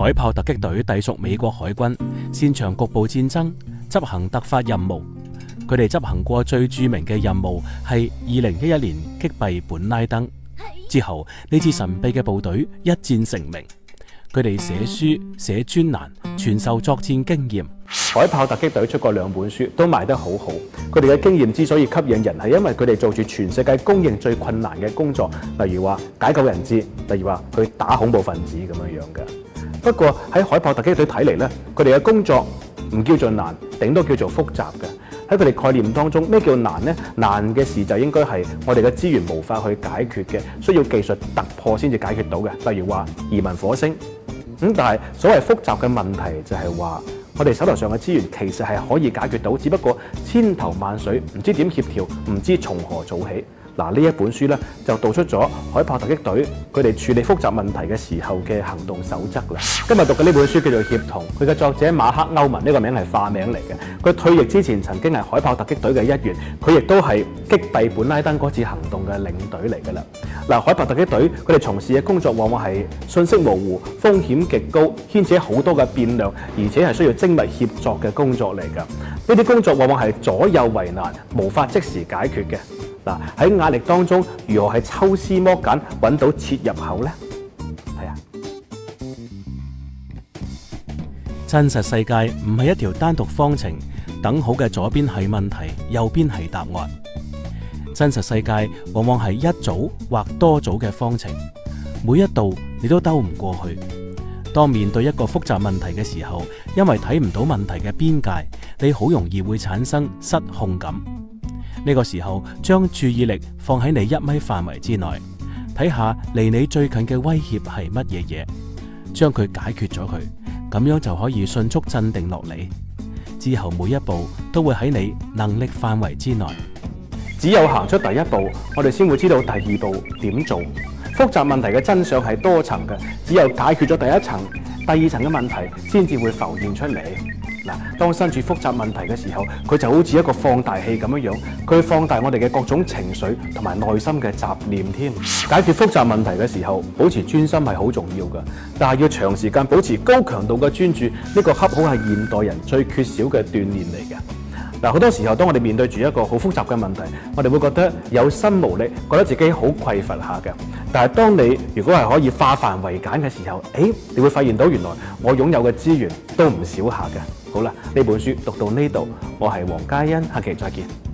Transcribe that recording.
海豹突擊隊隸屬美國海軍，擅長局部戰爭，執行突發任務。佢哋執行過最著名嘅任務係二零一一年擊斃本拉登。之後，呢支神秘嘅部隊一戰成名。佢哋寫書、寫專欄，傳授作戰經驗。海豹突擊隊出過兩本書，都賣得好好。佢哋嘅經驗之所以吸引人，係因為佢哋做住全世界公認最困難嘅工作，例如話解救人質，例如話佢打恐怖分子咁樣樣嘅。不過喺海豹突擊隊睇嚟咧，佢哋嘅工作唔叫做難，頂多叫做複雜嘅。喺佢哋概念當中，咩叫難呢？難嘅事就應該係我哋嘅資源無法去解決嘅，需要技術突破先至解決到嘅。例如話移民火星咁、嗯，但係所謂複雜嘅問題就係話，我哋手頭上嘅資源其實係可以解決到，只不過千頭萬緒，唔知點協調，唔知從何做起。嗱，呢一本書咧就道出咗海豹突擊隊佢哋處理複雜問題嘅時候嘅行動守則啦。今日讀嘅呢本書叫做《協同》，佢嘅作者馬克歐文呢個名係化名嚟嘅。佢退役之前曾經係海豹突擊隊嘅一員，佢亦都係擊斃本拉登嗰次行動嘅領隊嚟噶啦。嗱，海豹突擊隊佢哋從事嘅工作往往係信息模糊、風險極高、牽扯好多嘅變量，而且係需要精密協作嘅工作嚟嘅。呢啲工作往往係左右為難，無法即時解決嘅。喺壓力當中，如何係抽絲剝繭揾到切入口呢？係啊，真實世界唔係一條單獨方程，等好嘅左邊係問題，右邊係答案。真實世界往往係一組或多組嘅方程，每一道你都兜唔過去。當面對一個複雜問題嘅時候，因為睇唔到問題嘅邊界，你好容易會產生失控感。呢個時候，將注意力放喺你一米範圍之內，睇下離你最近嘅威脅係乜嘢嘢，將佢解決咗佢，咁樣就可以迅速鎮定落嚟。之後每一步都會喺你能力範圍之內，只有行出第一步，我哋先會知道第二步點做。複雜問題嘅真相係多層嘅，只有解決咗第一層，第二層嘅問題先至會浮現出嚟。嗱，當身處複雜問題嘅時候，佢就好似一個放大器咁樣樣，佢放大我哋嘅各種情緒同埋內心嘅雜念添。解決複雜問題嘅時候，保持專心係好重要㗎，但係要長時間保持高強度嘅專注，呢個恰好係現代人最缺少嘅鍛鍊嚟嘅。嗱，好多時候當我哋面對住一個好複雜嘅問題，我哋會覺得有心無力，覺得自己好匱乏下嘅。但係當你如果係可以化繁為簡嘅時候，誒，你會發現到原來我擁有嘅資源都唔少下嘅。好啦，呢本書讀到呢度，我係黃嘉欣，下期再見。